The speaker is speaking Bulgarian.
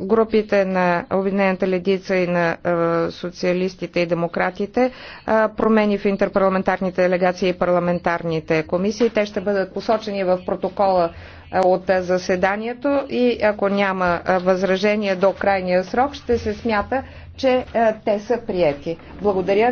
групите на Обединената ледица и на социалистите и демократите промени в интерпарламентарните делегации и парламентарните комисии. Те ще бъдат посочени в протокола от заседанието и ако няма възражение до крайния срок, ще се смята, че те са прияти. Благодаря.